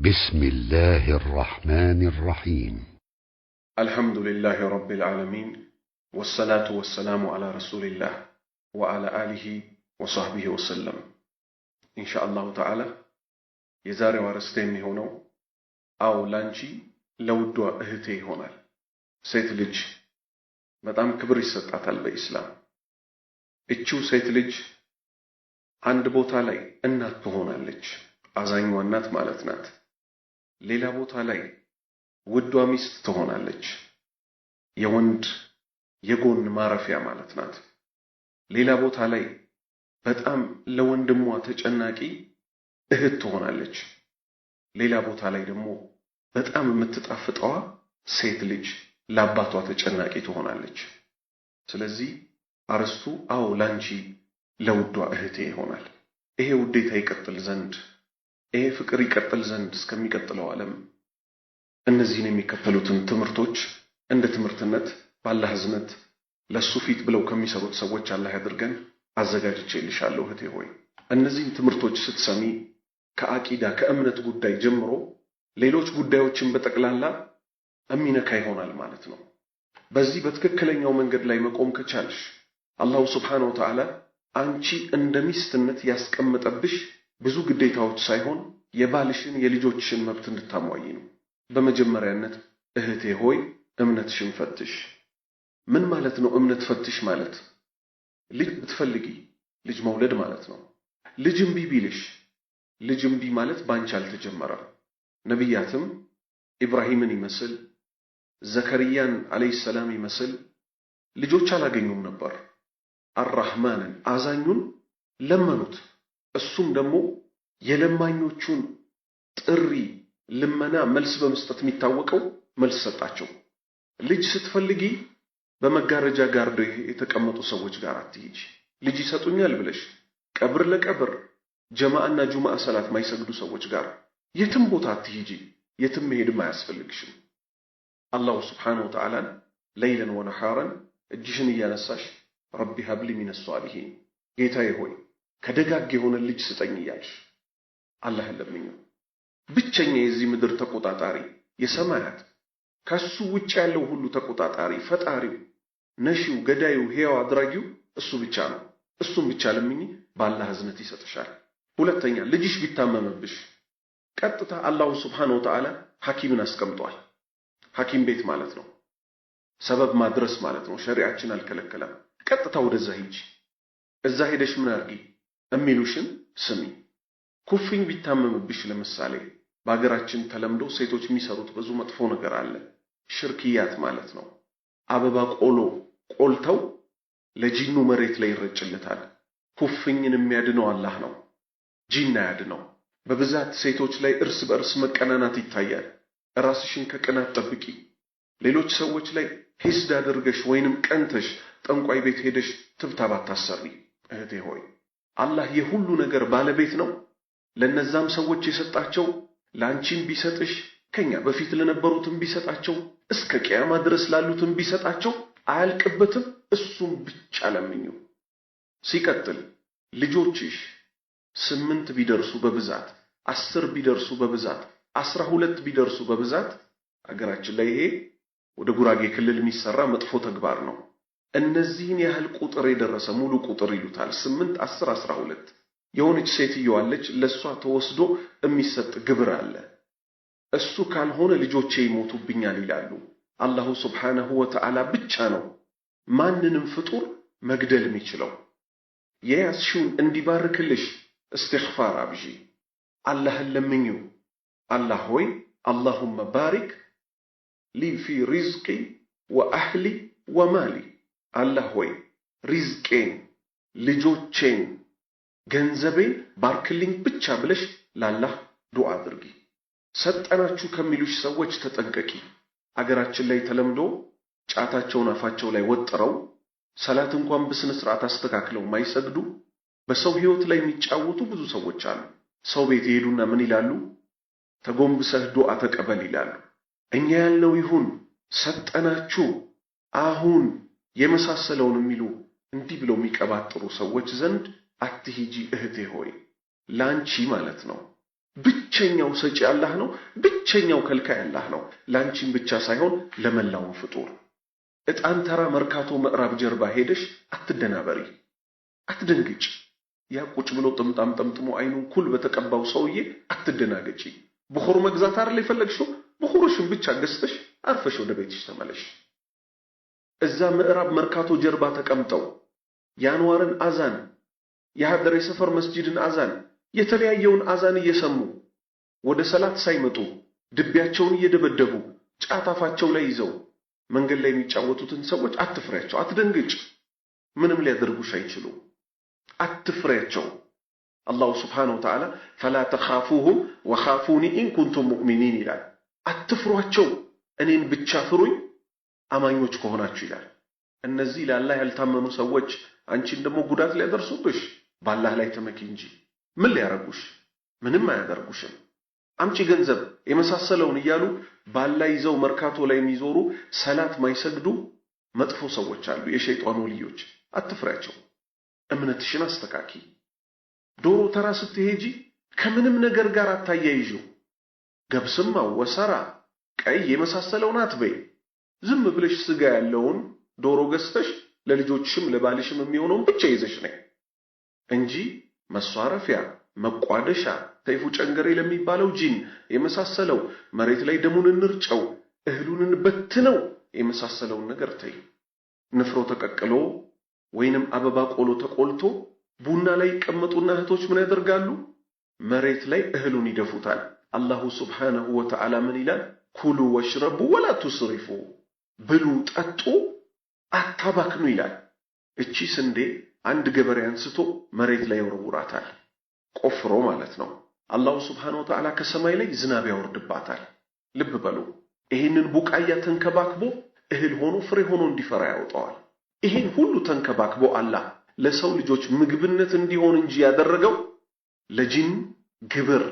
بسم الله الرحمن الرحيم الحمد لله رب العالمين والصلاة والسلام على رسول الله وعلى آله وصحبه وسلم إن شاء الله تعالى يزاري ورستيني هنا أو لانجي لو دو أهتي هنا سيتلج مدام كبري ستعطى الإسلام إتشو سيتلج عند بوتالي أنات بهنا اللج أزاين وأنات مالتنات نات ሌላ ቦታ ላይ ውዷ ሚስት ትሆናለች። የወንድ የጎን ማረፊያ ማለት ናት። ሌላ ቦታ ላይ በጣም ለወንድሟ ተጨናቂ እህት ትሆናለች። ሌላ ቦታ ላይ ደግሞ በጣም የምትጣፍጠዋ ሴት ልጅ ለአባቷ ተጨናቂ ትሆናለች። ስለዚህ አርስቱ አዎ ላንቺ ለውዷ እህቴ ይሆናል። ይሄ ውዴታ ይቀጥል ዘንድ ይህ ፍቅር ይቀጥል ዘንድ እስከሚቀጥለው ዓለም እነዚህን የሚከተሉትን ትምህርቶች እንደ ትምህርትነት ባለ ህዝነት ለእሱ ፊት ብለው ከሚሰሩት ሰዎች አላህ ያድርገን። አዘጋጅቼልሻለሁ እህቴ ሆይ እነዚህን ትምህርቶች ስትሰሚ ከአቂዳ ከእምነት ጉዳይ ጀምሮ ሌሎች ጉዳዮችን በጠቅላላ እሚነካ ይሆናል ማለት ነው። በዚህ በትክክለኛው መንገድ ላይ መቆም ከቻልሽ አላሁ ስብሓነሁ ወተዓላ አንቺ እንደ ሚስትነት ያስቀመጠብሽ። ብዙ ግዴታዎች ሳይሆን የባልሽን የልጆችሽን መብት እንድታሟይ ነው። በመጀመሪያነት እህቴ ሆይ እምነትሽን ፈትሽ። ምን ማለት ነው እምነት ፈትሽ ማለት? ልጅ ብትፈልጊ ልጅ መውለድ ማለት ነው። ልጅ እምቢ ቢልሽ፣ ልጅ እምቢ ማለት ባንቺ አልተጀመረም። ነቢያትም ኢብራሂምን ይመስል ዘከርያን ዓለይሂ ሰላም ይመስል ልጆች አላገኙም ነበር። አራህማንን አዛኙን ለመኑት። እሱም ደግሞ የለማኞቹን ጥሪ ልመና መልስ በመስጠት የሚታወቀው መልስ ሰጣቸው። ልጅ ስትፈልጊ በመጋረጃ ጋርዶ የተቀመጡ ሰዎች ጋር አትሄጂ። ልጅ ይሰጡኛል ብለሽ ቀብር ለቀብር ጀማዕና ጁማዕ ሰላት ማይሰግዱ ሰዎች ጋር የትም ቦታ አትሄጂ። የትም መሄድም አያስፈልግሽም። አላሁ ስብሓነሁ ወተዓላን ለይለን ወነሐረን እጅሽን እያነሳሽ ረቢ ሀብሊ ሚነ ሷሊሒን ጌታዬ ሆይ ከደጋግ የሆነ ልጅ ስጠኝ እያልሽ አላህን ለምኙ። ብቸኛ የዚህ ምድር ተቆጣጣሪ የሰማያት ከሱ ውጭ ያለው ሁሉ ተቆጣጣሪ ፈጣሪው፣ ነሺው፣ ገዳዩ፣ ሕያው አድራጊው እሱ ብቻ ነው። እሱም ብቻ ለምኝ፣ በአላህ እዝነት ይሰጥሻል። ሁለተኛ ልጅሽ ቢታመመብሽ ቀጥታ አላሁ ስብሓነሁ ወተዓላ ሐኪምን አስቀምጧል። ሐኪም ቤት ማለት ነው፣ ሰበብ ማድረስ ማለት ነው። ሸሪዓችን አልከለከለም። ቀጥታ ወደዛ ሂጂ። እዛ ሄደሽ ምን አርጊ? የሚሉሽን ስሚ። ኩፍኝ ቢታመምብሽ ለምሳሌ በሀገራችን ተለምዶ ሴቶች የሚሰሩት ብዙ መጥፎ ነገር አለ። ሽርክያት ማለት ነው። አበባ ቆሎ ቆልተው ለጂኑ መሬት ላይ ይረጭለታል። ኩፍኝን የሚያድነው አላህ ነው፣ ጂን አያድነው። በብዛት ሴቶች ላይ እርስ በእርስ መቀናናት ይታያል። ራስሽን ከቅናት ጠብቂ። ሌሎች ሰዎች ላይ ሂስድ አድርገሽ ወይንም ቀንተሽ ጠንቋይ ቤት ሄደሽ ትብታባት ታሰሪ። እህቴ ሆይ አላህ የሁሉ ነገር ባለቤት ነው። ለነዛም ሰዎች የሰጣቸው ለአንቺም ቢሰጥሽ ከኛ በፊት ለነበሩትም ቢሰጣቸው እስከ ቅያማ ድረስ ላሉትም ቢሰጣቸው አያልቅበትም። እሱም ብቻ ለምኙ። ሲቀጥል ልጆችሽ ስምንት ቢደርሱ በብዛት አስር ቢደርሱ በብዛት አስራ ሁለት ቢደርሱ በብዛት አገራችን ላይ ይሄ ወደ ጉራጌ ክልል የሚሰራ መጥፎ ተግባር ነው። እነዚህን ያህል ቁጥር የደረሰ ሙሉ ቁጥር ይሉታል። ስምንት አስር አስራ ሁለት የሆነች ሴትዮ አለች። ለእሷ ተወስዶ የሚሰጥ ግብር አለ። እሱ ካልሆነ ልጆቼ ይሞቱብኛል ይላሉ። አላሁ ስብሓነሁ ወተዓላ ብቻ ነው ማንንም ፍጡር መግደል የሚችለው። የያዝሽውን እንዲባርክልሽ እስትግፋር አብዢ፣ አላህን ለምኙ። አላህ ሆይ አላሁመ ባሪክ ሊ ፊ ሪዝቂ ወአህሊ ወማሊ አላህ ሆይ ሪዝቄን፣ ልጆቼን፣ ገንዘቤን ባርክልኝ ብቻ ብለሽ ላላህ ዱዓ አድርጊ። ሰጠናችሁ ከሚሉሽ ሰዎች ተጠንቀቂ። አገራችን ላይ ተለምዶ ጫታቸውን አፋቸው ላይ ወጥረው ሰላት እንኳን በስነ ስርዓት አስተካክለው ማይሰግዱ በሰው ህይወት ላይ የሚጫወቱ ብዙ ሰዎች አሉ። ሰው ቤት ይሄዱና ምን ይላሉ? ተጎንብሰህ ዱዓ ተቀበል ይላሉ። እኛ ያልነው ይሁን፣ ሰጠናችሁ አሁን የመሳሰለውን የሚሉ እንዲህ ብለው የሚቀባጥሩ ሰዎች ዘንድ አትሂጂ እህቴ ሆይ ላንቺ ማለት ነው። ብቸኛው ሰጪ አላህ ነው። ብቸኛው ከልካይ አላህ ነው። ላንቺም ብቻ ሳይሆን ለመላውን ፍጡር። እጣን ተራ መርካቶ ምዕራብ ጀርባ ሄደሽ አትደናበሪ፣ አትደንግጭ። ያ ቁጭ ብሎ ጥምጣም ጠምጥሞ አይኑን ኩል በተቀባው ሰውዬ አትደናገጪ። ብኹር መግዛት አይደል የፈለግሽው? ብኹርሽን ብቻ ገዝተሽ አርፈሽ ወደ ቤትሽ ተመለሽ። እዛ ምዕራብ መርካቶ ጀርባ ተቀምጠው የአንዋርን አዛን፣ የሀደር የሰፈር መስጂድን አዛን፣ የተለያየውን አዛን እየሰሙ ወደ ሰላት ሳይመጡ ድቢያቸውን እየደበደቡ ጫት አፋቸው ላይ ይዘው መንገድ ላይ የሚጫወቱትን ሰዎች አትፍሬያቸው፣ አትደንግጭ። ምንም ሊያደርጉሽ አይችሉ አትፍሬያቸው። አላሁ ስብሓነሁ ወተዓላ ፈላ ተኻፉሁም ወኻፉኒ ኢን ሙእሚኒን ይላል። አትፍሯቸው፣ እኔን ብቻ ፍሩኝ አማኞች ከሆናችሁ ይላል። እነዚህ ለአላህ ያልታመኑ ሰዎች አንቺን ደግሞ ጉዳት ሊያደርሱብሽ፣ በአላህ ላይ ተመኪ እንጂ ምን ሊያረጉሽ? ምንም አያደርጉሽም። አምጪ ገንዘብ የመሳሰለውን እያሉ ባላ ይዘው መርካቶ ላይ የሚዞሩ ሰላት ማይሰግዱ መጥፎ ሰዎች አሉ፣ የሸይጣን ወልዮች። አትፍሪያቸው። እምነትሽን አስተካኪ። ዶሮ ተራ ስትሄጂ ከምንም ነገር ጋር አታያይዥው። ገብስም አወሰራ ቀይ የመሳሰለውን አትበይ። ዝም ብለሽ ስጋ ያለውን ዶሮ ገዝተሽ ለልጆችሽም ለባልሽም የሚሆነውን ብቻ ይዘሽ ነይ እንጂ መሷረፊያ፣ መቋደሻ፣ ሰይፉ ጨንገሬ ለሚባለው ጂን የመሳሰለው መሬት ላይ ደሙን እንርጨው እህሉን እንበትነው የመሳሰለውን ነገር ተይ። ንፍሮ ተቀቅሎ ወይንም አበባ ቆሎ ተቆልቶ ቡና ላይ ይቀመጡና እህቶች ምን ያደርጋሉ? መሬት ላይ እህሉን ይደፉታል። አላሁ ስብሓነሁ ወተዓላ ምን ይላል? ኩሉ ወሽረቡ ወላ ቱስሪፉ ብሉ፣ ጠጡ፣ አታባክኑ ይላል። እቺ ስንዴ አንድ ገበሬ አንስቶ መሬት ላይ ይወረውራታል፣ ቆፍሮ ማለት ነው። አላሁ ስብሓነ ወተዓላ ከሰማይ ላይ ዝናብ ያወርድባታል። ልብ በሉ፣ ይህንን ቡቃያ ተንከባክቦ እህል ሆኖ ፍሬ ሆኖ እንዲፈራ ያወጣዋል። ይህን ሁሉ ተንከባክቦ አላህ ለሰው ልጆች ምግብነት እንዲሆን እንጂ ያደረገው ለጂን ግብር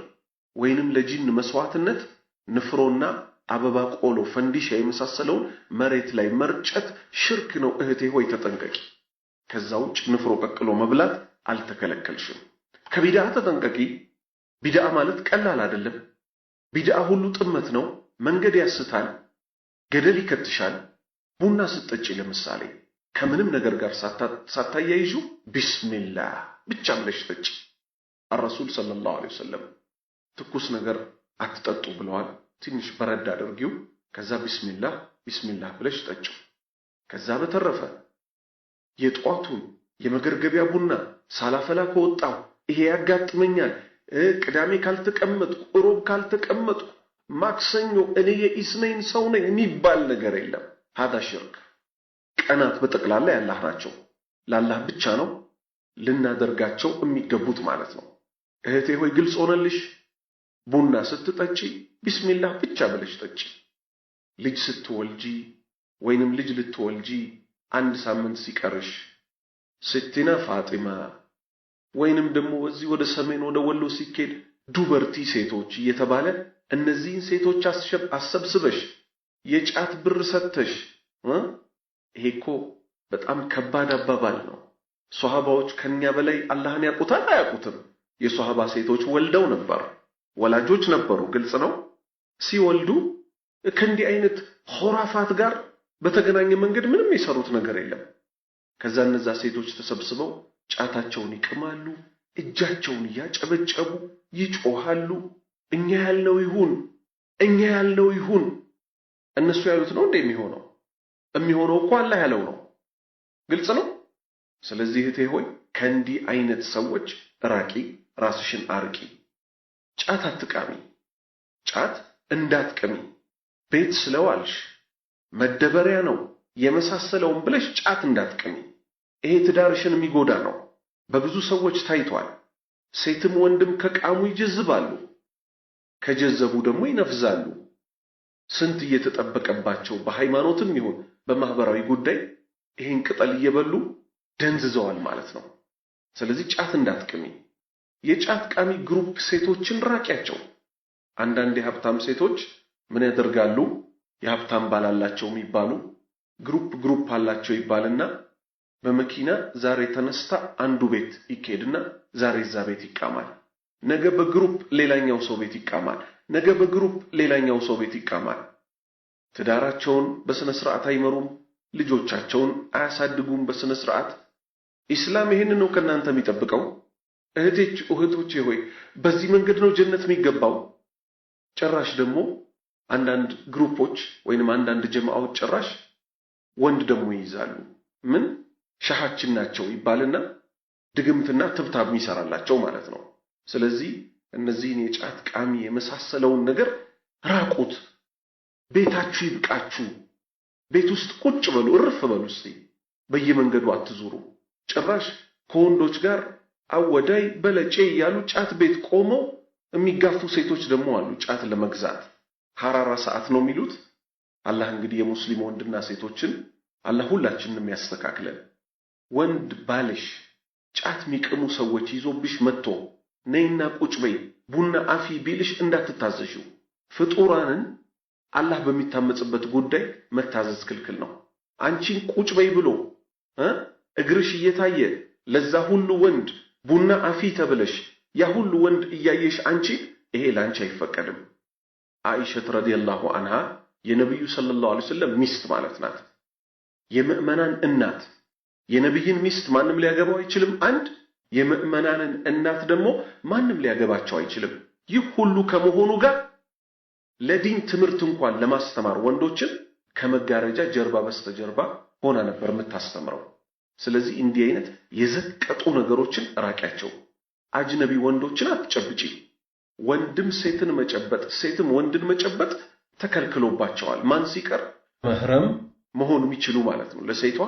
ወይንም ለጂን መስዋዕትነት ንፍሮና አበባ፣ ቆሎ፣ ፈንዲሻ የመሳሰለውን መሬት ላይ መርጨት ሽርክ ነው። እህቴ ሆይ ተጠንቀቂ። ከዛ ውጭ ንፍሮ ቀቅሎ መብላት አልተከለከልሽም። ከቢድአ ተጠንቀቂ። ቢድዓ ማለት ቀላል አይደለም። ቢድአ ሁሉ ጥመት ነው። መንገድ ያስታል፣ ገደል ይከትሻል። ቡና ስጠጪ ለምሳሌ ከምንም ነገር ጋር ሳታያይዙ ቢስሚላህ ብቻ ብለሽ ጠጪ። አረሱል ሰለላሁ ዐለይሂ ወሰለም ትኩስ ነገር አትጠጡ ብለዋል። ትንሽ በረድ አድርጊው። ከዛ ቢስሚላህ ቢስሚላህ ብለሽ ጠጪው። ከዛ በተረፈ የጧቱን የመገርገቢያ ቡና ሳላፈላ ከወጣሁ ይሄ ያጋጥመኛል፣ ቅዳሜ ካልተቀመጥኩ፣ እሮብ ካልተቀመጥኩ፣ ማክሰኞ እኔ የኢስነይን ሰው ነኝ የሚባል ነገር የለም። ሀዳ ሽርክ። ቀናት በጠቅላላ ያላህ ናቸው። ላላህ ብቻ ነው ልናደርጋቸው የሚገቡት ማለት ነው። እህቴ ሆይ ግልጽ ሆነልሽ? ቡና ስትጠጪ ቢስሚላህ ብቻ ብለሽ ጠጪ። ልጅ ስትወልጂ ወይንም ልጅ ልትወልጂ አንድ ሳምንት ሲቀርሽ ሴቲና ፋጢማ ወይንም ደግሞ እዚህ ወደ ሰሜን ወደ ወሎ ሲኬድ ዱበርቲ ሴቶች እየተባለ እነዚህን ሴቶች አሰብስበሽ የጫት ብር ሰተሽ ይሄ እኮ በጣም ከባድ አባባል ነው። ሶሃባዎች ከኛ በላይ አላህን ያውቁታል አያውቁትም? የሶሃባ ሴቶች ወልደው ነበር። ወላጆች ነበሩ፣ ግልጽ ነው። ሲወልዱ ከእንዲህ አይነት ሆራፋት ጋር በተገናኘ መንገድ ምንም የሰሩት ነገር የለም። ከዛ እነዛ ሴቶች ተሰብስበው ጫታቸውን ይቅማሉ፣ እጃቸውን እያጨበጨቡ ይጮሃሉ። እኛ ያልነው ይሁን፣ እኛ ያልነው ይሁን። እነሱ ያሉት ነው እንዴ የሚሆነው? የሚሆነው እኮ አላህ ያለው ነው። ግልጽ ነው። ስለዚህ እህቴ ሆይ ከእንዲህ አይነት ሰዎች ራቂ፣ ራስሽን አርቂ። ጫት አትቃሚ፣ ጫት እንዳትቅሚ፣ ቤት ስለዋልሽ መደበሪያ ነው የመሳሰለውን ብለሽ ጫት እንዳትቅሚ። ይሄ ትዳርሽን የሚጎዳ ነው። በብዙ ሰዎች ታይቷል። ሴትም ወንድም ከቃሙ ይጀዝባሉ፣ ከጀዘቡ ደግሞ ይነፍዛሉ። ስንት እየተጠበቀባቸው በሃይማኖትም ይሁን በማህበራዊ ጉዳይ ይሄን ቅጠል እየበሉ ደንዝዘዋል ማለት ነው። ስለዚህ ጫት እንዳትቅሚ። የጫት ቃሚ ግሩፕ ሴቶችን ራቂያቸው። አንዳንድ የሀብታም ሴቶች ምን ያደርጋሉ? የሀብታም ባል አላቸው የሚባሉ ግሩፕ ግሩፕ አላቸው ይባልና በመኪና ዛሬ ተነስታ አንዱ ቤት ይኬድና ዛሬ እዛ ቤት ይቃማል። ነገ በግሩፕ ሌላኛው ሰው ቤት ይቃማል። ነገ በግሩፕ ሌላኛው ሰው ቤት ይቃማል። ትዳራቸውን በስነ ስርዓት አይመሩም። ልጆቻቸውን አያሳድጉም በስነ ስርዓት። ኢስላም ይህንን ነው ከእናንተ የሚጠብቀው። እህቴች እህቶቼ ሆይ በዚህ መንገድ ነው ጀነት የሚገባው። ጭራሽ ደግሞ አንዳንድ ግሩፖች ወይንም አንዳንድ ጀማዓዎች ጭራሽ ወንድ ደግሞ ይይዛሉ። ምን ሻሃችን ናቸው ይባልና ድግምትና ትብታብ ይሰራላቸው ማለት ነው። ስለዚህ እነዚህን የጫት ቃሚ የመሳሰለውን ነገር ራቁት። ቤታችሁ ይብቃችሁ። ቤት ውስጥ ቁጭ በሉ፣ እርፍ በሉ። እስቲ በየመንገዱ አትዙሩ። ጭራሽ ከወንዶች ጋር አወዳይ በለጬ እያሉ ጫት ቤት ቆመው የሚጋፉ ሴቶች ደግሞ አሉ። ጫት ለመግዛት ሐራራ ሰዓት ነው የሚሉት። አላህ እንግዲህ የሙስሊም ወንድና ሴቶችን አላህ ሁላችንንም ያስተካክለን። ወንድ ባልሽ ጫት የሚቅሙ ሰዎች ይዞብሽ መጥቶ ነይና ቁጭ በይ ቡና አፊ ቢልሽ እንዳትታዘሽው። ፍጡራንን አላህ በሚታመጽበት ጉዳይ መታዘዝ ክልክል ነው። አንቺን ቁጭ በይ ብሎ እግርሽ እየታየ ለዛ ሁሉ ወንድ ቡና አፊ ተብለሽ ያ ሁሉ ወንድ እያየሽ አንቺ ይሄ ላንቺ አይፈቀድም። አኢሸት ረዲየላሁ አንሃ የነቢዩ ሰለላሁ ዐለይሂ ወሰለም ሚስት ማለት ናት። የምዕመናን እናት የነቢይን ሚስት ማንም ሊያገባው አይችልም። አንድ የምዕመናንን እናት ደግሞ ማንም ሊያገባቸው አይችልም። ይህ ሁሉ ከመሆኑ ጋር ለዲን ትምህርት እንኳን ለማስተማር ወንዶችን ከመጋረጃ ጀርባ በስተጀርባ ሆና ነበር የምታስተምረው። ስለዚህ እንዲህ አይነት የዘቀጡ ነገሮችን ራቂያቸው። አጅነቢ ወንዶችን አትጨብጪ። ወንድም ሴትን መጨበጥ፣ ሴትም ወንድን መጨበጥ ተከልክሎባቸዋል። ማን ሲቀር መህረም መሆኑ የሚችሉ ማለት ነው። ለሴቷ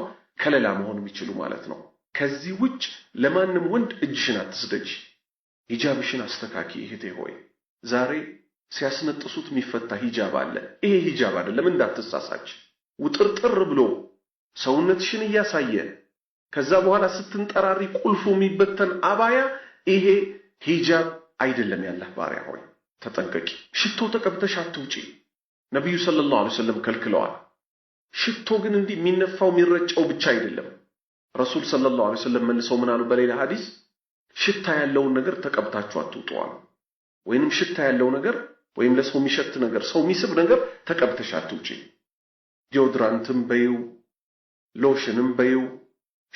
ከለላ መሆን የሚችሉ ማለት ነው። ከዚህ ውጭ ለማንም ወንድ እጅሽን አትስደጅ። ሂጃብሽን አስተካኪ እህቴ ሆይ። ዛሬ ሲያስነጥሱት የሚፈታ ሂጃብ አለ። ይሄ ሂጃብ አይደለም እንዳትሳሳች። ውጥርጥር ብሎ ሰውነትሽን እያሳየ ከዛ በኋላ ስትንጠራሪ ቁልፉ የሚበተን አባያ ይሄ ሂጃብ አይደለም። ያለህ ባሪያ ሆይ ተጠንቀቂ። ሽቶ ተቀብተሽ አትውጪ፣ ነቢዩ ሰለላሁ ዐለይሂ ወሰለም ከልክለዋል። ሽቶ ግን እንዲህ የሚነፋው የሚረጨው ብቻ አይደለም። ረሱል ሰለላሁ ዐለይሂ ወሰለም መልሰው ምን አሉ? በሌላ ሐዲስ ሽታ ያለውን ነገር ተቀብታችሁ አትውጡዋል፣ ወይንም ሽታ ያለው ነገር ወይም ለሰው የሚሸት ነገር፣ ሰው የሚስብ ነገር ተቀብተሽ አትውጪ። ዲዮድራንትም በይው ሎሽንም በይው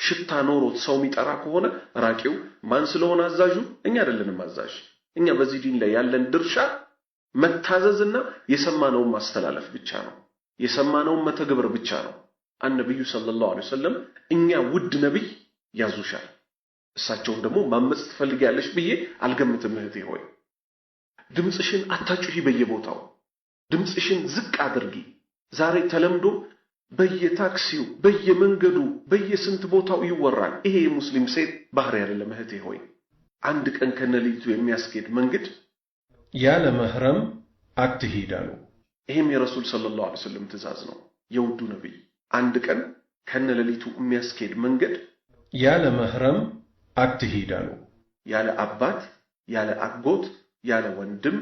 ሽታ ኖሮት ሰው የሚጠራ ከሆነ ራቂው ማን ስለሆነ አዛዡ? እኛ አይደለንም አዛዥ። እኛ በዚህ ዲን ላይ ያለን ድርሻ መታዘዝና የሰማነውን ማስተላለፍ ብቻ ነው። የሰማነውን መተግበር ብቻ ነው። አነብዩ ሰለላሁ ዐለይሂ ወሰለም እኛ ውድ ነብይ ያዙሻል፣ እሳቸውን ደግሞ ማመጽ ትፈልጊያለሽ ብዬ አልገምትም። እህቴ ሆይ ድምፅሽን አታጩሂ በየቦታው ድምፅሽን ዝቅ አድርጊ። ዛሬ ተለምዶ በየታክሲው በየመንገዱ በየስንት ቦታው ይወራል። ይሄ የሙስሊም ሴት ባህሪ አይደለም። እህቴ ሆይ አንድ ቀን ከነሌሊቱ የሚያስኬድ መንገድ ያለ መህረም አትሄዳሉ። ይሄም የረሱል ሰለላሁ ዐለይሂ ወሰለም ትእዛዝ ነው፣ የውዱ ነቢይ። አንድ ቀን ከነሌሊቱ የሚያስኬድ መንገድ ያለ መህረም አትሄዳሉ። ያለ አባት፣ ያለ አጎት፣ ያለ ወንድም፣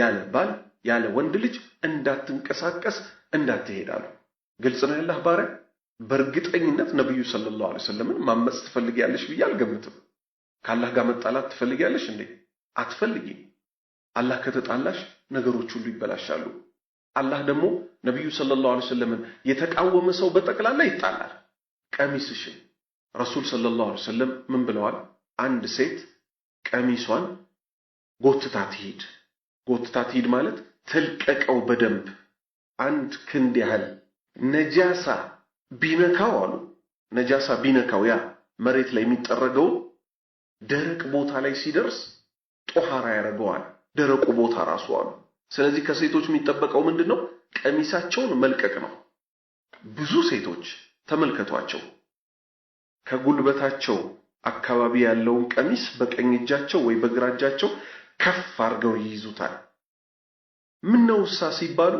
ያለ ባል፣ ያለ ወንድ ልጅ እንዳትንቀሳቀስ እንዳትሄዳሉ። ግልጽ ነው ያላህ ባሪያ። በእርግጠኝነት ነቢዩ ሰለላሁ ዐለይሂ ወሰለምን ማመፅ ትፈልጊያለሽ ብዬ አልገምትም። ከአላህ ጋር መጣላት ትፈልጊያለሽ እንዴ? አትፈልጊም። አላህ ከተጣላሽ ነገሮች ሁሉ ይበላሻሉ። አላህ ደግሞ ነቢዩ ሰለላሁ ዐለይሂ ወሰለምን የተቃወመ ሰው በጠቅላላ ይጣላል። ቀሚስሽን ረሱል ሰለላሁ ዐለይሂ ወሰለም ምን ብለዋል? አንድ ሴት ቀሚሷን ጎትታ ትሂድ። ጎትታ ትሂድ ማለት ትልቀቀው በደንብ አንድ ክንድ ያህል ነጃሳ ቢነካው አሉ ነጃሳ ቢነካው ያ መሬት ላይ የሚጠረገው ደረቅ ቦታ ላይ ሲደርስ ጦሃራ ያደርገዋል። ደረቁ ቦታ ራሱ አሉ። ስለዚህ ከሴቶች የሚጠበቀው ምንድን ነው? ቀሚሳቸውን መልቀቅ ነው። ብዙ ሴቶች ተመልከቷቸው፣ ከጉልበታቸው አካባቢ ያለውን ቀሚስ በቀኝ እጃቸው ወይ በግራ እጃቸው ከፍ አድርገው ይይዙታል። ምነውሳ ሲባሉ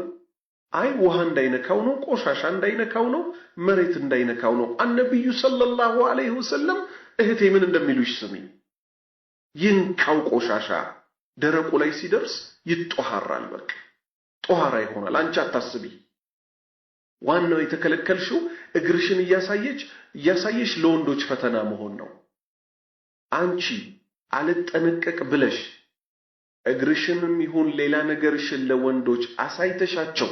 አይ ውሃ እንዳይነካው ነው፣ ቆሻሻ እንዳይነካው ነው፣ መሬት እንዳይነካው ነው። አነቢዩ ሰለላሁ ዐለይሂ ወሰለም እህቴ ምን እንደሚሉሽ ስሚ፣ ይንካው ቆሻሻ ደረቁ ላይ ሲደርስ ይጦሃራል። በቃ ጧሃራ ይሆናል። አንቺ አታስቢ። ዋናው የተከለከልሽው እግርሽን እያሳየች እያሳየች ለወንዶች ፈተና መሆን ነው። አንቺ አልጠነቀቅ ብለሽ እግርሽንም ይሁን ሌላ ነገርሽን ለወንዶች አሳይተሻቸው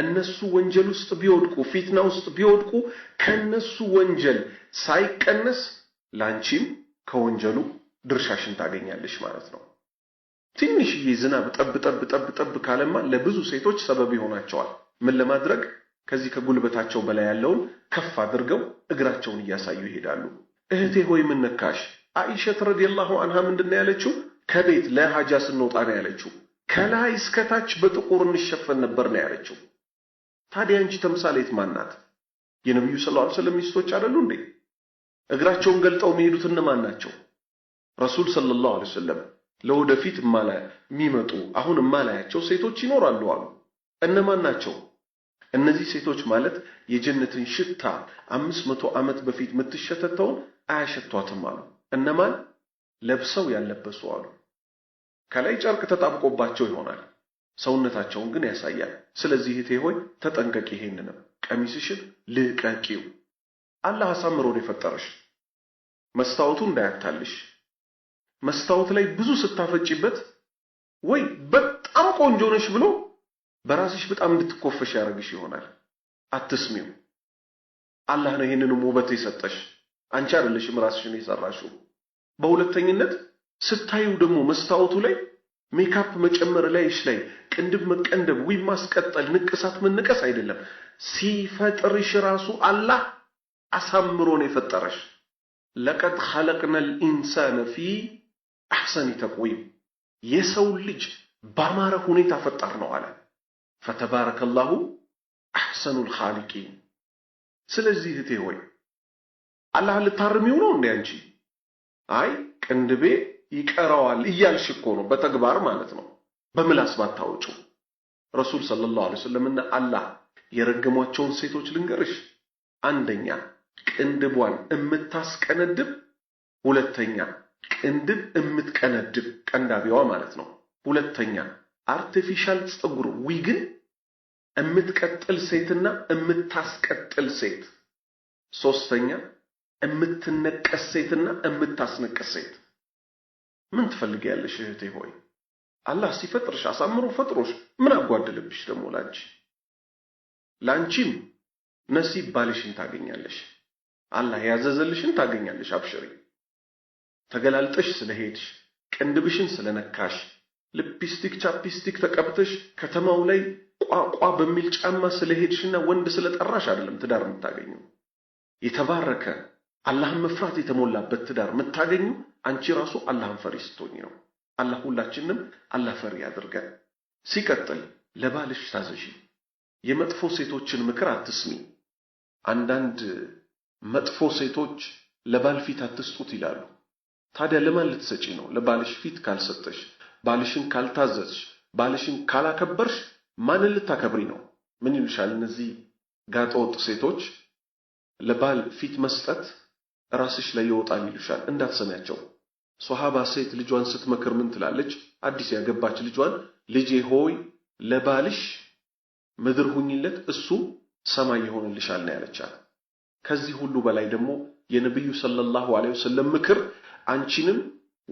እነሱ ወንጀል ውስጥ ቢወድቁ ፊትና ውስጥ ቢወድቁ ከነሱ ወንጀል ሳይቀነስ ላንቺም ከወንጀሉ ድርሻሽን ታገኛለሽ ማለት ነው። ትንሽዬ ዝናብ ጠብ ጠብ ጠብ ጠብ ካለማ ለብዙ ሴቶች ሰበብ ይሆናቸዋል። ምን ለማድረግ ከዚህ ከጉልበታቸው በላይ ያለውን ከፍ አድርገው እግራቸውን እያሳዩ ይሄዳሉ። እህቴ ሆይ ምን ነካሽ? አኢሸት ረዲየላሁ አንሃ ምንድን ነው ያለችው? ከቤት ለሃጃ ስንወጣ ነው ያለችው። ከላይ እስከታች በጥቁር እንሸፈን ነበር ነው ያለችው። ታዲያ አንቺ ተምሳሌት ማን ናት? የነቢዩ ሰለላሁ ዐለይሂ ወሰለም ሚስቶች አይደሉ እንዴ? እግራቸውን ገልጠው የሚሄዱት እነማን ናቸው? ረሱል ሰለላሁ ዐለይሂ ወሰለም ለወደፊት የሚመጡ አሁን እማላያቸው ሴቶች ይኖራሉ አሉ። እነማን ናቸው? እነዚህ ሴቶች ማለት የጀነትን ሽታ አምስት መቶ ዓመት በፊት የምትሸተተውን አያሸቷትም አሉ። እነማን ለብሰው ያለበሱ አሉ። ከላይ ጨርቅ ተጣብቆባቸው ይሆናል። ሰውነታቸውን ግን ያሳያል። ስለዚህ እህቴ ሆይ ተጠንቀቂ፣ ይሄንንም ቀሚስሽን ልቀቂው። አላህ አሳምሮ ነው የፈጠረሽ። መስታወቱ እንዳያታልሽ። መስታወት ላይ ብዙ ስታፈጪበት ወይ በጣም ቆንጆ ነሽ ብሎ በራስሽ በጣም እንድትኮፈሽ ያደርግሽ ይሆናል። አትስሚው። አላህ ነው ይህንንም ውበት የሰጠሽ፣ አንቺ አይደለሽም ራስሽን የሰራሽው። በሁለተኝነት ስታዩ ደግሞ መስታወቱ ላይ ሜካፕ መጨመር ላይሽ ላይ ቅንድብ መቀንደብ፣ ዊብ ማስቀጠል፣ ንቅሳት መነቀስ አይደለም። ሲፈጥርሽ ራሱ አላህ አሳምሮ ነው የፈጠረሽ። ለቀድ ኸለቅነል ኢንሳነ ፊ አሕሰኒ ተቅዊም የሰው ልጅ ባማረ ሁኔታ ፈጠር ነው አለ። ፈተባረከላሁ አሕሰኑል ኻሊቂን። ስለዚህ እህቴ ሆይ አላህ ልታርሚው ነው እንዴ አንቺ? አይ ቅንድቤ ይቀረዋል እያልሽ እኮ ነው። በተግባር ማለት ነው። በምላስ ባታወጪው ረሱል ሰለላሁ ዐለይሂ ወሰለምና አላህ የረገሟቸውን ሴቶች ልንገርሽ፣ አንደኛ ቅንድቧን እምታስቀነድብ፣ ሁለተኛ ቅንድብ እምትቀነድብ ቀንዳቢዋ ማለት ነው። ሁለተኛ አርቲፊሻል ፀጉር ዊግን እምትቀጥል ሴትና እምታስቀጥል ሴት፣ ሶስተኛ እምትነቀስ ሴትና እምታስነቀስ ሴት ምን ትፈልጊያለሽ እህቴ ሆይ? አላህ ሲፈጥርሽ አሳምሮ ፈጥሮሽ ምን አጓደለብሽ ደግሞ ላንቺ? ላንቺም ነሲብ ባልሽን ታገኛለሽ። አላህ ያዘዘልሽን ታገኛለሽ። አብሽሪ። ተገላልጠሽ ስለሄድሽ፣ ቅንድብሽን ስለነካሽ፣ ልፕስቲክ ቻፕስቲክ ተቀብተሽ ከተማው ላይ ቋቋ በሚል ጫማ ስለሄድሽና ወንድ ስለጠራሽ አይደለም ትዳር የምታገኘው የተባረከ አላህን መፍራት የተሞላበት ትዳር የምታገኙ አንቺ ራሱ አላህን ፈሪ ስትሆኝ ነው። አላህ ሁላችንም አላህ ፈሪ ያድርገን። ሲቀጥል ለባልሽ ታዘዢ፣ የመጥፎ ሴቶችን ምክር አትስሚ። አንዳንድ መጥፎ ሴቶች ለባል ፊት አትስጡት ይላሉ። ታዲያ ለማን ልትሰጪ ነው? ለባልሽ ፊት ካልሰጠሽ፣ ባልሽን ካልታዘዝሽ፣ ባልሽን ካላከበርሽ ማንን ልታከብሪ ነው? ምን ይሉሻል እነዚህ ጋጠወጥ ሴቶች? ለባል ፊት መስጠት ራስሽ ላይ ይወጣል ይሉሻል፣ እንዳትሰሚያቸው። ሶሃባ ሴት ልጇን ስትመክር ምን ትላለች? አዲስ ያገባች ልጇን ልጄ ሆይ ለባልሽ ምድር ሁኝለት እሱ ሰማይ ይሆንልሻል ነው ያለቻት። ከዚህ ሁሉ በላይ ደግሞ የነብዩ ሰለላሁ ዐለይሂ ወሰለም ምክር አንቺንም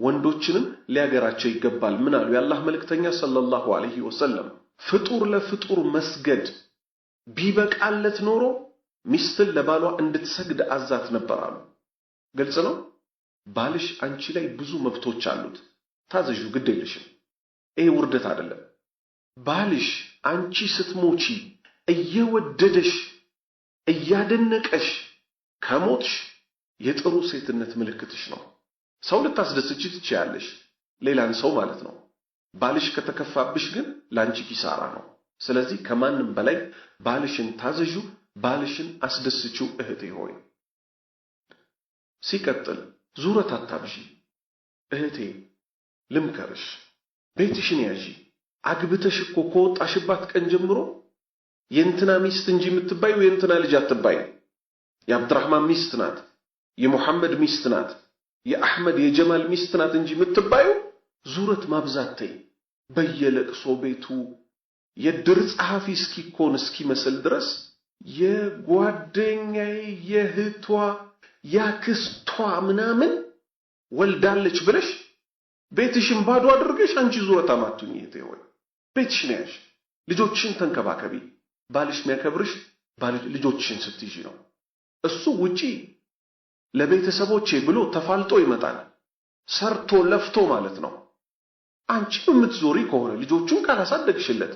ወንዶችንም ሊያገራቸው ይገባል። ምን አሉ የአላህ መልእክተኛ ሰለላሁ ዐለይሂ ወሰለም? ፍጡር ለፍጡር መስገድ ቢበቃለት ኖሮ ሚስትን ለባሏ እንድትሰግድ አዛት ነበር አሉ። ግልጽ ነው። ባልሽ አንቺ ላይ ብዙ መብቶች አሉት። ታዘዡ ግድ የለሽም። ይሄ ውርደት አይደለም። ባልሽ አንቺ ስትሞቺ እየወደደሽ እያደነቀሽ ከሞትሽ የጥሩ ሴትነት ምልክትሽ ነው። ሰው ልታስደስቺ ትችያለሽ፣ ሌላን ሰው ማለት ነው። ባልሽ ከተከፋብሽ ግን ለአንቺ ኪሳራ ነው። ስለዚህ ከማንም በላይ ባልሽን ታዘዡ፣ ባልሽን አስደስቺው እህቴ ሆይ። ሲቀጥል ዙረት አታብዢ እህቴ ልምከርሽ፣ ቤትሽን ያዢ። አግብተሽ እኮ ከወጣሽባት ቀን ጀምሮ የእንትና ሚስት እንጂ የምትባይው የእንትና ልጅ አትባይ። የአብድራህማን ሚስት ናት፣ የሙሐመድ ሚስት ናት፣ የአሕመድ የጀማል ሚስት ናት እንጂ የምትባዩ ዙረት ማብዛት ተይ። በየለቅሶ ቤቱ የድር ጸሐፊ እስኪኮን እስኪመስል ድረስ የጓደኛዬ የህቷ ያክስቷ ምናምን ወልዳለች ብለሽ ቤትሽን ባዶ አድርገሽ አንቺ ዙረታ ታማቱኝ ይሄ ተይወይ ቤትሽ ነው ልጆችሽን ተንከባከቢ። ባልሽ የሚያከብርሽ ልጆችሽን ስትይዥ ነው። እሱ ውጪ ለቤተሰቦቼ ብሎ ተፋልጦ ይመጣል። ሰርቶ ለፍቶ ማለት ነው። አንቺ የምትዞሪ ከሆነ ልጆቹን ካላሳደግሽለት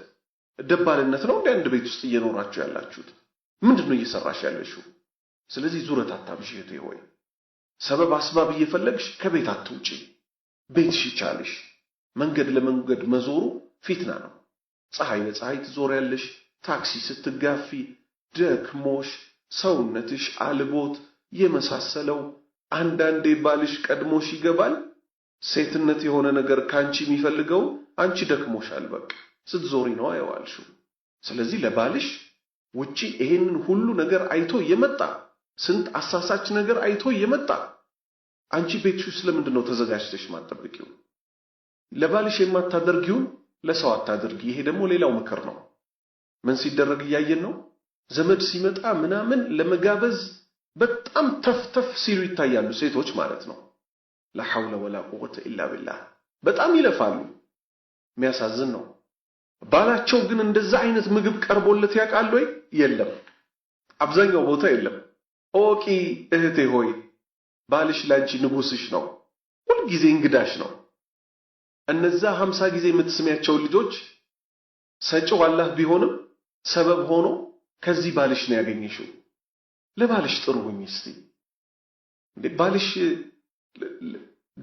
ደባልነት ነው እንደ አንድ ቤት ውስጥ እየኖራችሁ ያላችሁት። ምንድን ነው እየሰራሽ ያለሽው? ስለዚህ ዙረት አታብሽ እህቴ ሆይ ሰበብ አስባብ እየፈለግሽ ከቤት አትውጪ። ቤትሽ ይቻልሽ። መንገድ ለመንገድ መዞሩ ፊትና ነው። ፀሐይ ለፀሐይ ትዞሪያለሽ። ታክሲ ስትጋፊ ደክሞሽ ሰውነትሽ አልቦት የመሳሰለው አንዳንዴ ባልሽ ቀድሞሽ ይገባል። ሴትነት የሆነ ነገር ካንቺ የሚፈልገው አንቺ ደክሞሻል፣ በቃ ስትዞሪ ነው የዋልሽው። ስለዚህ ለባልሽ ውጪ ይሄንን ሁሉ ነገር አይቶ የመጣ ስንት አሳሳች ነገር አይቶ የመጣ አንቺ ቤትሽ ውስጥ ለምንድን ነው ተዘጋጅተሽ ማጠበቂው? ለባልሽ የማታደርጊውን ለሰው አታደርጊ። ይሄ ደግሞ ሌላው ምክር ነው። ምን ሲደረግ እያየን ነው? ዘመድ ሲመጣ ምናምን ለመጋበዝ በጣም ተፍተፍ ሲሉ ይታያሉ፣ ሴቶች ማለት ነው። ላሐውለ ወላ ቁወተ ኢላ ቢላህ በጣም ይለፋሉ። የሚያሳዝን ነው። ባላቸው ግን እንደዛ አይነት ምግብ ቀርቦለት ያውቃል ወይ? የለም፣ አብዛኛው ቦታ የለም። ኦቂ እህቴ ሆይ ባልሽ ላንቺ ንጉስሽ ነው፣ ጊዜ እንግዳሽ ነው። እነዛ ሀምሳ ጊዜ የምትስሚያቸውን ልጆች ሰጪው አላህ ቢሆንም ሰበብ ሆኖ ከዚህ ባልሽ ነው ያገኘሽው። ለባልሽ ጥሩ ሁኝ እስቲ። ባልሽ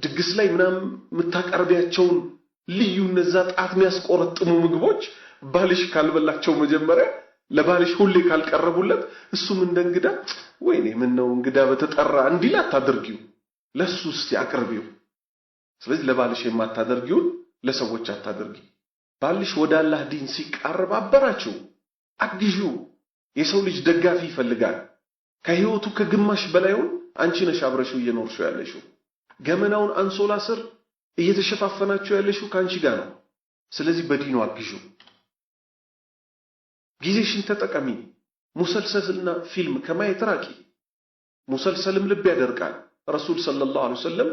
ድግስ ላይ ምናምን የምታቀርቢያቸውን ልዩ እነዛ ጣት የሚያስቆረጥሙ ምግቦች ባልሽ ካልበላቸው መጀመሪያ ለባልሽ ሁሌ ካልቀረቡለት እሱም እንደ እንግዳ ወይኔ ምን ነው እንግዳ በተጠራ እንዲል አታደርጊው፣ ለሱ እስቲ አቅርቢው። ስለዚህ ለባልሽ የማታደርጊውን ለሰዎች አታደርጊ። ባልሽ ወደ አላህ ዲን ሲቃረብ አበራችው፣ አግዢው። የሰው ልጅ ደጋፊ ይፈልጋል። ከህይወቱ ከግማሽ በላይውን አንቺ ነሽ አብረሽው እየኖርሽው ያለሽው። ገመናውን አንሶላ ስር እየተሸፋፈናችሁ ያለሽው ከአንቺ ጋር ነው። ስለዚህ በዲኑ አግዢው። ጊዜሽን ተጠቀሚ። ሙሰልሰልና ፊልም ከማየት ራቂ። ሙሰልሰልም ልብ ያደርቃል። ረሱል ሰለላሁ ዐለይሂ ወሰለም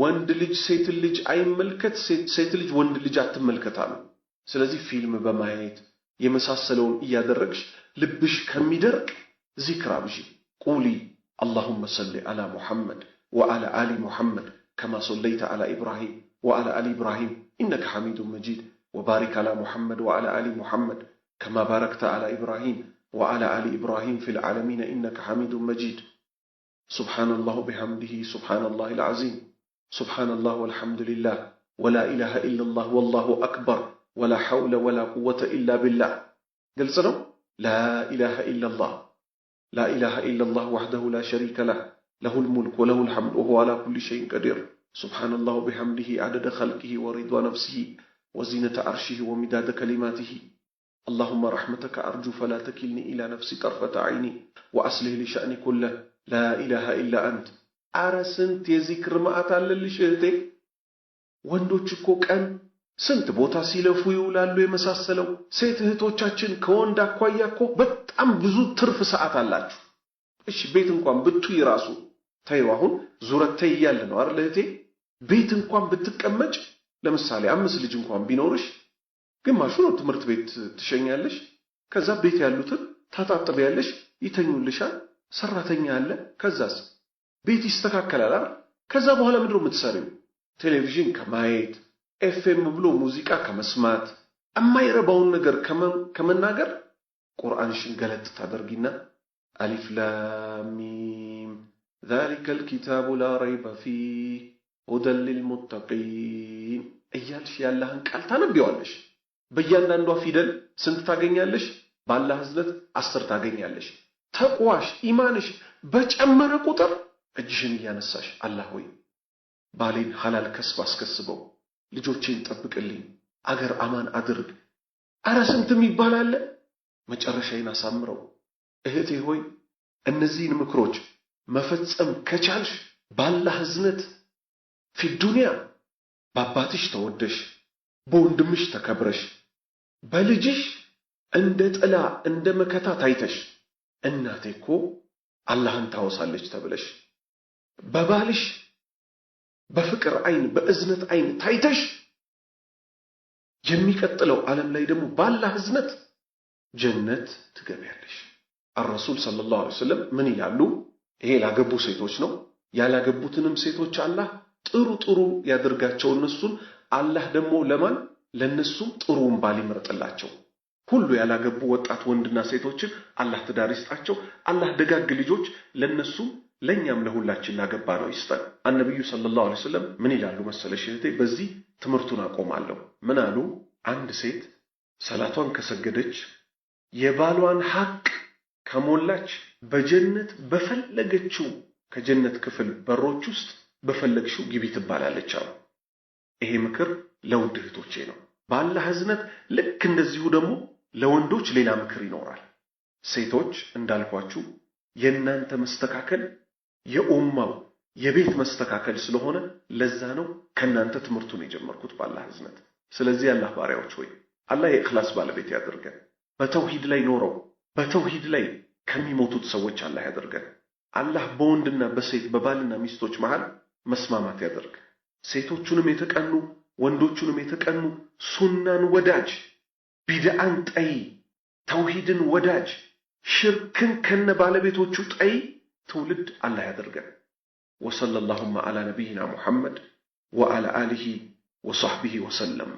ወንድ ልጅ ሴት ልጅ አይመልከት፣ ሴት ልጅ ወንድ ልጅ አትመልከት አሉ። ስለዚህ ፊልም በማየት የመሳሰለውን እያደረግሽ ልብሽ ከሚደርቅ ዚክር አብዢ። ቁሊ አላሁመ ሰሊ አላ ሙሐመድ ወአላ አሊ ሙሐመድ ከማ ሰለይተ አላ ኢብራሂም ወአላ አሊ ኢብራሂም ኢነከ ሐሚዱን መጂድ ወባሪክ አላ ሙሐመድ ወአላ አሊ ሙሐመድ كما باركت على إبراهيم وعلى آل إبراهيم في العالمين إنك حميد مجيد سبحان الله بحمده سبحان الله العظيم سبحان الله والحمد لله ولا إله إلا الله والله أكبر ولا حول ولا قوة إلا بالله قال نوم لا إله إلا الله لا إله إلا الله وحده لا شريك له له الملك وله الحمد وهو على كل شيء قدير سبحان الله بحمده عدد خلقه ورضا نفسه وزينة عرشه ومداد كلماته اللهم رحمتك أرجو ፈላ تكلني ኢላ ነፍሲ طرفة عيني وأصلح لي شأني كله لا إله إلا አረ ስንት የዚክር ማዕት አለልሽ እህቴ። ወንዶች እኮ ቀን ስንት ቦታ ሲለፉ ይውላሉ የመሳሰለው። ሴት እህቶቻችን ከወንድ አኳያ እኮ በጣም ብዙ ትርፍ ሰዓት አላችሁ። እሺ ቤት እንኳን ብትይ ራሱ ተይው፣ አሁን ዙረት ተይ እያለ ነው አይደል እህቴ። ቤት እንኳን ብትቀመጭ፣ ለምሳሌ አምስት ልጅ እንኳን ቢኖርሽ ግማሹ ነው ትምህርት ቤት ትሸኛለሽ፣ ከዛ ቤት ያሉትን ታጣጥቢያለሽ፣ ይተኙልሻል፣ ሰራተኛ አለ። ከዛስ ቤት ይስተካከላል አይደል? ከዛ በኋላ ምንድነው የምትሰሪው? ቴሌቪዥን ከማየት ኤፍኤም ብሎ ሙዚቃ ከመስማት የማይረባውን ነገር ከመናገር ቁርአንሽን ገለጥ ታደርጊና አሊፍ ላሚም ذلك الكتاب لا ريب فيه هدى للمتقين እያልሽ ያለህን ቃል ታነቢዋለሽ። በእያንዳንዷ ፊደል ስንት ታገኛለሽ? ባላህ ህዝለት አስር ታገኛለሽ። ተቋዋሽ ኢማንሽ በጨመረ ቁጥር እጅሽን እያነሳሽ አላህ ሆይ ባሌን ሐላል ከስብ አስከስበው፣ ልጆቼን ጠብቅልኝ፣ አገር አማን አድርግ። አረ ስንትም ይባላል። መጨረሻዬን አሳምረው። እህቴ ሆይ እነዚህን ምክሮች መፈጸም ከቻልሽ ባላህ ህዝነት ፊ ዱንያ በአባትሽ ተወደሽ፣ በወንድምሽ ተከብረሽ በልጅሽ እንደ ጥላ እንደ መከታ ታይተሽ እናቴ እኮ አላህን ታወሳለች ተብለሽ በባልሽ በፍቅር አይን በእዝነት አይን ታይተሽ የሚቀጥለው ዓለም ላይ ደግሞ ባላህ እዝነት ጀነት ትገቢያለሽ። አረሱል ሰለላሁ ዐለይሂ ወሰለም ምን ይላሉ? ይሄ ላገቡ ሴቶች ነው። ያላገቡትንም ሴቶች አላህ ጥሩ ጥሩ ያደርጋቸው እነሱን። አላህ ደግሞ ለማን ለእነሱም ጥሩውን ባል ይምረጥላቸው። ሁሉ ያላገቡ ወጣት ወንድና ሴቶችን አላህ ትዳር ይስጣቸው። አላህ ደጋግ ልጆች ለእነሱም ለእኛም ለሁላችን ላገባ ነው ይስጠን። አነቢዩ ሰለላሁ ዐለይሂ ወሰለም ምን ይላሉ መሰለሽ እህቴ? በዚህ ትምህርቱን አቆማለሁ። ምን አሉ? አንድ ሴት ሰላቷን ከሰገደች የባሏን ሐቅ ከሞላች በጀነት በፈለገችው ከጀነት ክፍል በሮች ውስጥ በፈለግሽው ግቢ ትባላለች አሉ። ይሄ ምክር ለውድ እህቶቼ ነው። ባላህ ህዝነት ልክ እንደዚሁ ደግሞ ለወንዶች ሌላ ምክር ይኖራል። ሴቶች እንዳልኳችሁ የእናንተ መስተካከል የኡማው የቤት መስተካከል ስለሆነ ለዛ ነው ከእናንተ ትምህርቱን የጀመርኩት ባላህ ህዝነት። ስለዚህ ያላህ ባሪያዎች ሆይ አላህ የእክላስ ባለቤት ያደርገን። በተውሂድ ላይ ኖረው በተውሂድ ላይ ከሚሞቱት ሰዎች አላህ ያደርገን። አላህ በወንድና በሴት በባልና ሚስቶች መሃል መስማማት ያደርግ። ሴቶቹንም የተቀኑ ወንዶቹንም የተቀኑ ሱናን ወዳጅ ቢድአን ጠይ ተውሂድን ወዳጅ ሽርክን ከነ ባለቤቶቹ ጠይ ትውልድ አላህ ያደርገን። ወሰለላሁማ አላ ነቢይና ሙሐመድ ወአላ አሊሂ ወሰሕቢሂ ወሰለም።